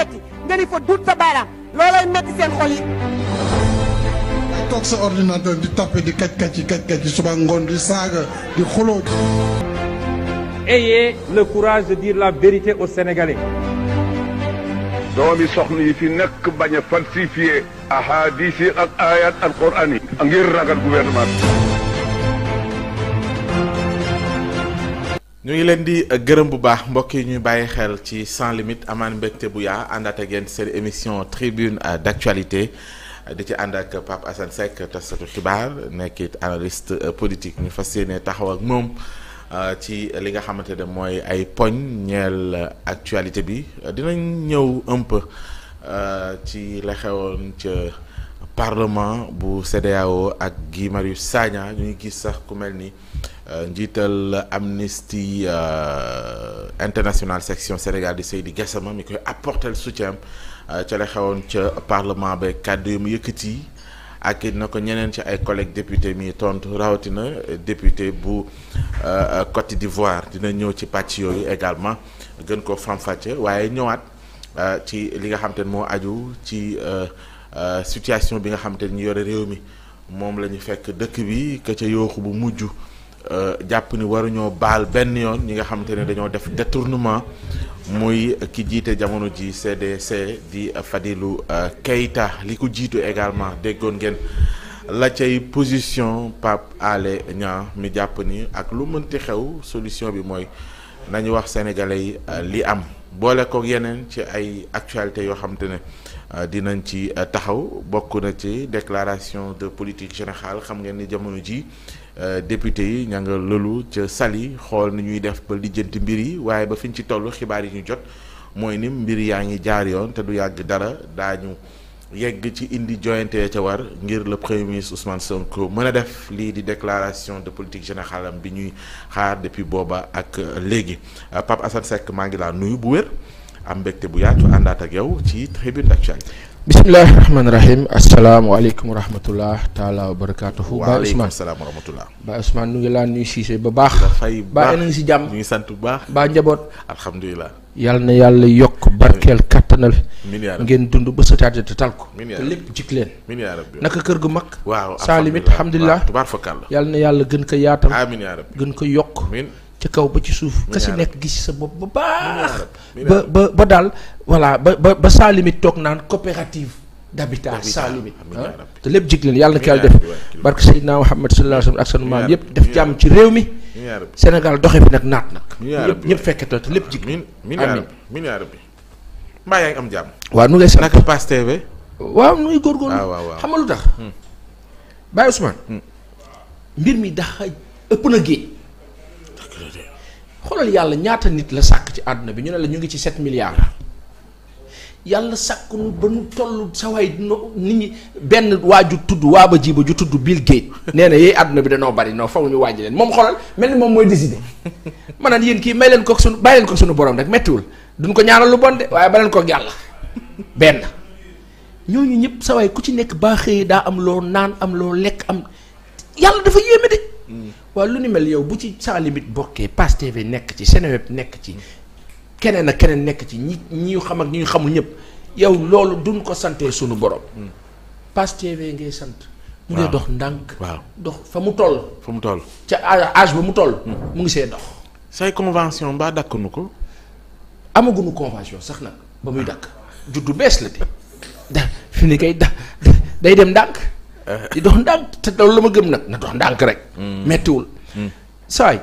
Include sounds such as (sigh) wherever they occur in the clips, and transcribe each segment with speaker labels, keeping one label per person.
Speaker 1: metti nga ni fa duut sa baaraam loolay metti seen xol yi.
Speaker 2: toog sa ordinateur di tappe di kaj kaj kaj kaj suba ngoon di
Speaker 1: saaga di xuloo. ayez le courage de la vérité au Sénégalais. doomi soxna yi fi nekk bañ a falsifié ahadis yi ak ayat alquran ngir ragal gouvernement bi.
Speaker 2: ñu ngi leen di gërëm bu baax mbokk yi ñuy bàyyi xel ci sans limite amaan mbégte bu yaa àndaat ak yéen seen émission tribune d'actualité di ci ànd ak Pape Assane Seck taskatu xibaar nekkit analyste politique ñu fas yéene taxaw ak moom euh, ci li nga xamante ne mooy ay poñ ñeel actualité bi dinañ ñëw un euh, ci la xewoon ca. parlement bu CEDEAO ak Guy Marius Sagna ñu ngi gis sax ku mel ni euh, njiital Amnesty euh, International section Sénégal di Seydi Gassama mi koy apporter soutien euh, ca la xewoon ca parlement ba kàddu yu mu yëkkati ak it na ko ñeneen ci ay collègues député mi tontu rawatina député bu Côte d'Ivoire dina ñëw ci pàcc yooyu également gën ko faram-fàcce waaye ñëwaat ci li nga xam ne moo aju ci. Euh, situation bi nga xamante ni ñu yore réew mi moom la ñu fekk dëkk bi ka ca yooxu bu mujj euh, jàpp ni waruñoo baal benn yoon ñi nga xamante ne dañoo def détournement muy ki jiite jamono ji CDC di Fadilou euh, Keita li ko jiitu également déggoon ngeen la cay position Pape Alé Niang mi jàpp ni ak lu mënti xew solution bi mooy nañu wax sénégalais yi li am boole kook yeneen ci ay actualité yoo xam ne euh, dinañ ci euh, taxaw bokk na ci déclaration de politique générale xam ngeen ni jamono ji euh, député yi ña nga lëlu ca Saly xool ni ñuy def ba lijjanti mbir yi waaye ba fi ñu ci toll xibaar yi ñu jot mooy ni mbir yaa ngi jaar yoon te du yàgg dara daañu yegg ci indi joyante ya ca war ngir le premier ministre Ousmane Sonko mën a def lii di déclaration de politique générale bi ñuy xaar depuis booba ak léegi euh, Pape Assane Seck maa ngi laa nuyu bu wér am mbégte bu yaatu àndaat ak yow ci tribune d'actualité
Speaker 1: bisimilahi rahmaani rahim asalaamaaleykum wa rahmatullah taalaa wa barakaatuhu. waaleykum salaam wa rahmatullah Baye Ousmane ñu ngi laa nuyu Cissé ba baax. dafay baax na ngi sant bu baax. baa njaboot. alhamdulilah. yal na yàlla yokk barkeel kattanal. ngeen dund ba sa taat te tal ko. te lépp jik leen. naka kër gu mag. waaw saa limit alhamdulilah yal na yàlla gën ko yaatal. amiin gën ko yokk. ca kaw ba ci suuf. ka si nekk gis sa bopp bu baax. ba ba ba daal. voilà ba ba ba sans toog naan coopérative d'habitat sans limite te lépp jig yàlla na ko yàlla def barke Seydina Muhammad sallallahu alayhi wa sallam ak def jàmm ci réew mi Sénégal doxe fi nag naat nag ñëpp fekketal te lépp jig amiin
Speaker 2: min am waaw nu ngay sant waaw nu ngi góorgóorlu ah,
Speaker 1: xam nga lu tax hmm. Baye Ousmane hmm. mbir mi daxa ëpp na géej xoolal yàlla ñaata nit la sàkk ci àdduna bi ñu ne la ñu ngi ci 7 milliards yàlla sàkk nu ba nu toll sawaay no nit ñi benn waa ju tudd waa ba jiba ju tudd Bill Gates nee na yooyu àdduna bi danoo bari non faw ñu wàññi leen moom xoolal mel ni moom mooy décider (laughs) ma naan yéen kii may leen ko sunu bàyyi leen ko sunu borom rek méttiwul duñ ko ñaanal lu bon waaye ba leen ko ñooñu ñëpp sawaay ku ci nekk baa daa am loo naan am loo lekk am yàlla dafa yéeme mm. lu ni mel bu ci Sans Limites bokkee nekk ci Seneweb nekk ci keneen ak keneen nekk ci ñi ñi ñu xam ak ñi ñu xamul ñëpp yow loolu duñ ko santee sunu borom. Hmm. Pastef ngay sant. mu ngi dox ndànk. waaw dox fa mu toll. fa mu toll ca âge ba mu toll. Hmm. mu ngi see dox. say convention mbaa dakk ko. amagunu convention sax nag ba muy dakk juddu bees la de da fi ni kay da day dem ndànk. Eh. di dox ndànk te loolu la ma gëm nag na dox ndànk rek. Hmm. mettiwul. saay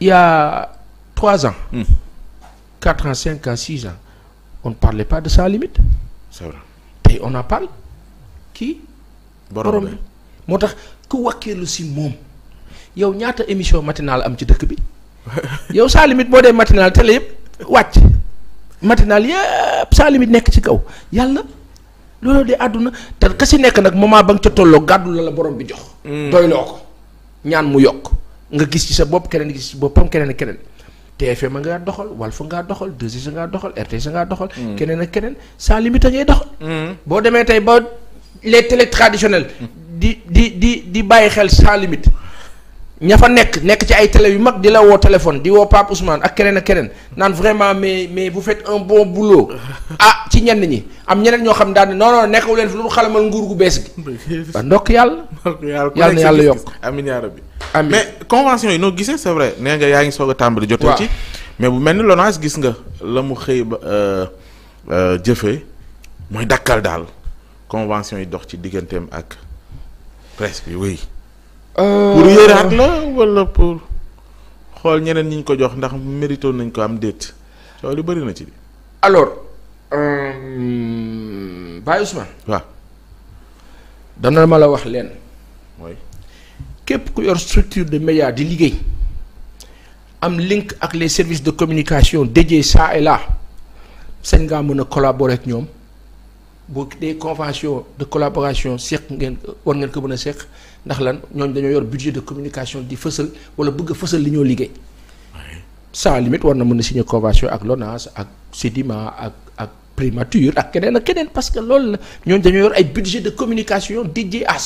Speaker 1: y trois ans. 4 ans 5 ans 6 ans on ne parlait de ça limite. c'est vrai tey on en parle kii. borom bi moo tax ku wàkkeelu si moom yow ñaata émission matinale am ci dëkk bi (laughs) yow saa limite boo dee matinale télé yëpp wàcc matinale yëpp saa limite nekk ci kaw yàlla loolu de àdduna te ka si nekk nag moment ba nga ca tolloo gàddu la la borom bi jox. Mm. doyloo ko ñaan mu yokk nga gis ci sa bopp keneen gis ci boppam keneen keneen. TFM ngaa doxal Walf ngaa doxal 2S ngaa doxal RTS ngaa doxal. Hmm. keneen a keneen sans limite ngay doxal. Hmm. boo demee tey ba les télé traditionnelles. Hmm. di di di di bàyyi xel sans limite. ña fa nekk nekk ci ay tele yu mag di la woo téléphone di woo Pape Ousmane ak keneen ak keneen naan vraiment mais mais bu faites un bon boulot (laughs) ah ci ñenn ñi am ñeneen ñoo xam daal ne non non nekkawu leen fi lu xalamal nguur gu bees gi. (laughs) ba ndokk yàlla. yàlla na yàlla yokk mais
Speaker 2: convention yi noo gisee c'est vrai nee nga yaa ngi soog a tàmbali jotoo ci mais bu mel ni LONASE gis nga la mu xëy ba euh, euh, mooy dakkal daal convention yi dox ci digganteem ak presse bi oui. Euh, pour yéeraat la wala pour xool ñeneen ñi ñu ko jox ndax mérito nañ ko am déet coow lu bëri na
Speaker 1: ci. alors Baye Ousmane. waaw. dana la wax leen. mooy. képp ku yor structure de média di liggéey am link ak les services de communication dédiés ça et là sañ ngaa mën a collaborer ak ñoom bu dee convention de collaboration seq ngeen war ngeen ko mën a seq ndax lan ñooñ dañoo yor budget de communication di fësal wala bëgg a fësal li ñoo liggéey sans limite war na mën a signer convention ak LONASE ak Sedima ak ak Primature ak keneen ak keneen parce que loolu la ñooñ dañoo yor ay budget de communication dédié à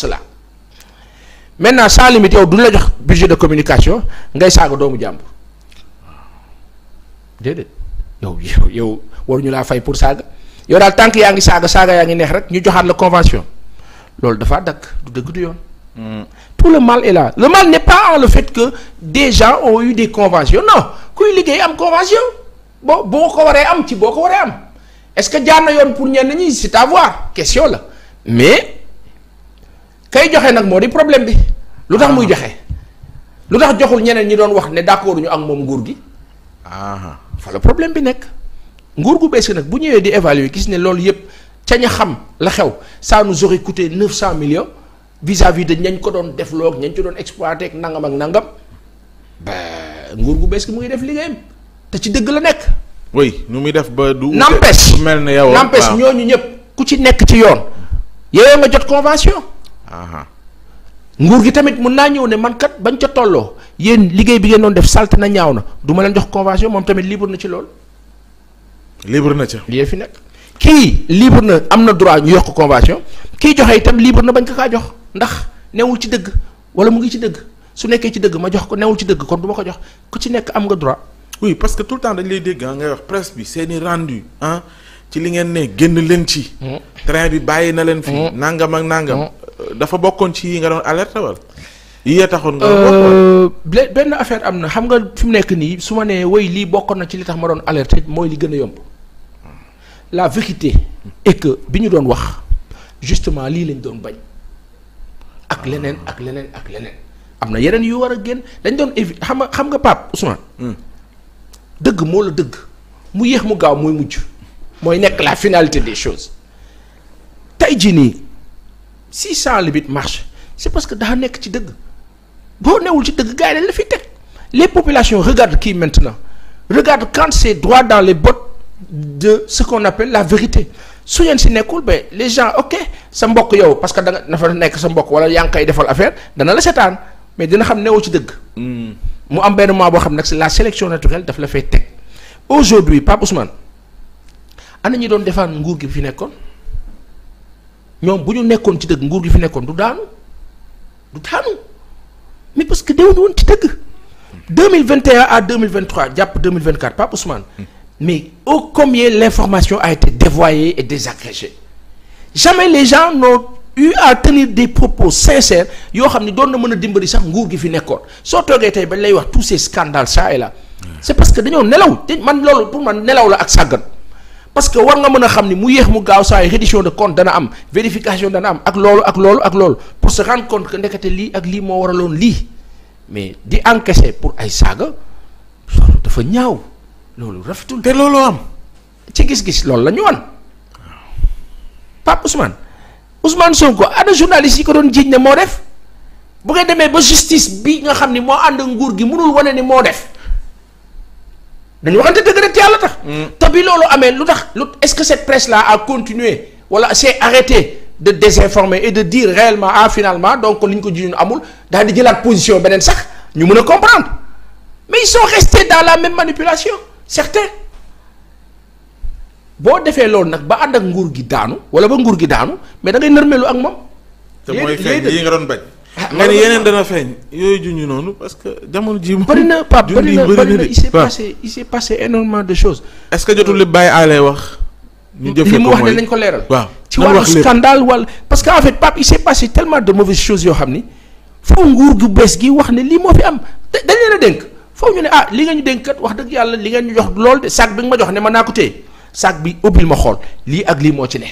Speaker 1: maintenant sans limite yow duñu la jox budget de communication ngay saaga doomu jàmbur déedéet yow yow yow waruñu laa fay pour saaga yow daal tànk yaa ngi saaga saaga yaa ngi neex rek ñu joxaat la convention loolu dafa dakk du dëgg du yoon. Hmm. tout le mal est là le mal n'est pas en le fait que des gens ont eu des conventions non kuy liggéey am convention boo boo ko waree am ci boo ko waree am est-ce que jaar na yoon pour ñenn ñi c'est à voir question la mais. kay joxe nag moo di problème bi lu tax muy ah. joxe lu tax joxul ñeneen ñi doon wax ne d'accord ñu ak moom nguur gi ah. fa problème bi nekk nguur gu bees nag bu ñëwee di évaluer gis ne loolu yépp ca ña xam la xew ça nous aurait coûté neuf cent millions vis-à-vis de ñañ ko doon defloo loog ñañ ko doon exploité ak nangam ak nangam ba nguur gu bees gi mu ngi def liggéeyam te ci dëgg la nekk. oui nu muy def ba du. n'empêche mel na yow n'empêche ñooñu ñëpp ku ci nekk ci yoon. yooyu nga jot convention. nguur gi tamit mun naa ñëw ne man kat bañ ca tolloo yéen liggéey bi ngeen doon def salte na ñaaw na du ma leen jox convention moom tamit libre na ci lool libre na ca. lii fi nekk kii libre na am na droit ñu yokk convention kii joxe itam libre na bañ ko kaa jox ndax newul ci dëgg wala mu ngi ci dëgg su nekkee ci dëgg ma jox ko newul ci dëgg kon du ma ko jox ku ci nekk am nga droit. oui parce que tout le temps dañ lay dégg ah, ngay wax presse bi
Speaker 2: seeni rendu ah ci li ngeen ne génn leen ci. Mm. train bi bàyyi na leen fi. Mm. nangam ak nangam. Mm. dafa bokkoon ci yi nga doon alerte wala yi ya nga euh, bokkoon
Speaker 1: benn affaire am na xam nga fi mu nekk nii su ma nee woy lii bokkoon na ci li tax ma doon alerte mooy li gën a yomb la vérité est bi ñu doon wax justement lii lañ doon bañ ak ah. leneen ak leneen ak leneen am na yeneen yu war a génn dañ doon éviter xam nga xam nga Pape Ousmane hmm. dëgg moo la dëgg mu yéex mu gaaw mooy mujj mooy nekk la finalité des choses tey ji nii si sans limite marche c'est parce que daa nekk ci dëgg boo newul ci dëgg gars yi dañ la fiy teg les populations regardent qui maintenant regardent quand c'est droit dans les bottes de ce qu'on appelle la vérité su ngeen si nekkul ba les gens ok sa mbokk yow parce que da nga dafa nekk sa mbokk wala yaa ngi koy defal affaire dana la seetaan mais dina xam newoo ci dëgg. Hmm. mu am benn moment boo xam nag c'est la sélection naturelle daf la fay teg aujourd'hui Pape Ousmane ana ñi doon defaan nguur gi fi nekkoon. ñoom bu ñu nekkoon ci dëgg nguur gi fi nekkoon du daanu du daanu mais parce que déwénu woon ci dëgg. 2021 à 2023 jàpp 2024 Pape Ousmane. Hmm. mais ô combien l'information a été dévoyée et désagrégée jamais les gens n'ont eu à tenir des propos sincères yoo xam ni doon na mën a dimbali sax nguur gi fi nekkoon soo toogee tey bañ lay wax tous ces scandales ça et là. c'est parce que dañoo nelaw te man l pour man nelaw la ak sàggan. parce que war nga mën a xam ni mu yéex mu gaaw saa yi reddition de compte dana am vérification dana am ak loolu ak loolu ak loolu pour se rendre compte que ndekete lii ak lii moo waraloon lii mais di encaisser pour ay saaga loolu dafa ñaaw loolu rafetul. te looloo am. ci gis-gis loolu la ñu wan Pape Ousmane Ousmane ko ana journaliste yi ko doon jiiñ ne moo def bu ngeen demee ba justice bi nga xam ni moo ànd nguur gi mënul wane ni moo def. dañu waxante dëgg rek yàlla tax. Mm. te bi loolu amee lu tax lu est-ce que cette presse là a continué wala s'est arrêtée de désinformer et de dire réellement ah finalement donc li ñu ko ji amul daal di jëlaat position beneen sax ñu mën a comprendre mais soo sont restés dans la même manipulation certains boo defee loolu nag ba ànd ak nguur gi daanu wala ba nguur gi daanu mais da ngay nërmelu ak moom.
Speaker 2: te mooy feeñ yi nga doon bañ.
Speaker 1: Ah, nga ni yeneen dana feeñ
Speaker 2: yooyu juñu noonu parce que
Speaker 1: jamono ji bëri na Pape que jotul li
Speaker 2: euh, Baye Alé wax ñu jëfee ko mooy li mu wax ne nañ ko leeral
Speaker 1: que en fait Pape il s'est passé tellement de mauvaises choses yoo xam wax ne lii moo fi am dañ leen a dénk foo ñu ne ah li nga ñu dénk kat wax dëgg yàlla li nga ñu jox lool de sac bi nga ma jox ne ma xool lii ak lii moo ci ne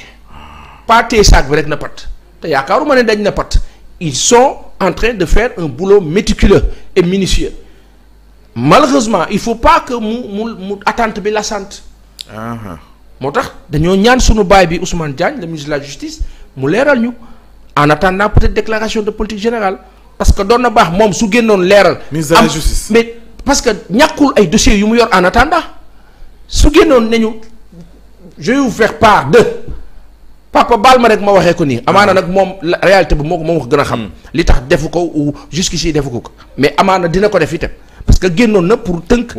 Speaker 1: pas téye sac bi rek na pat te yaakaaruma ne dañ na pat ils sont en train de faire un boulot méticuleux et minutieux malheureusement il faut pas que mu mu mu attente bi la sant moo tax dañoo ñaan sunu baay bi Ousmane Diagne le ministre de la justice mu leeral ñu en attendant peut-être déclaration de politique générale parce que doon na baax moom su génnoon leeral. ministre de la justice mais parce que ñàkkul ay dossiers yu mu yor en attendant su génnoon nañu je vais faire part de. papa baal ma rek ma waxee ko nii. amaana nag moom réalité bi moo ko moo ko gën a xam. Hmm. li tax defu ko ou jusqu'ici defu ko mais amaana dina ko def itam parce que génnoon na pour tënk.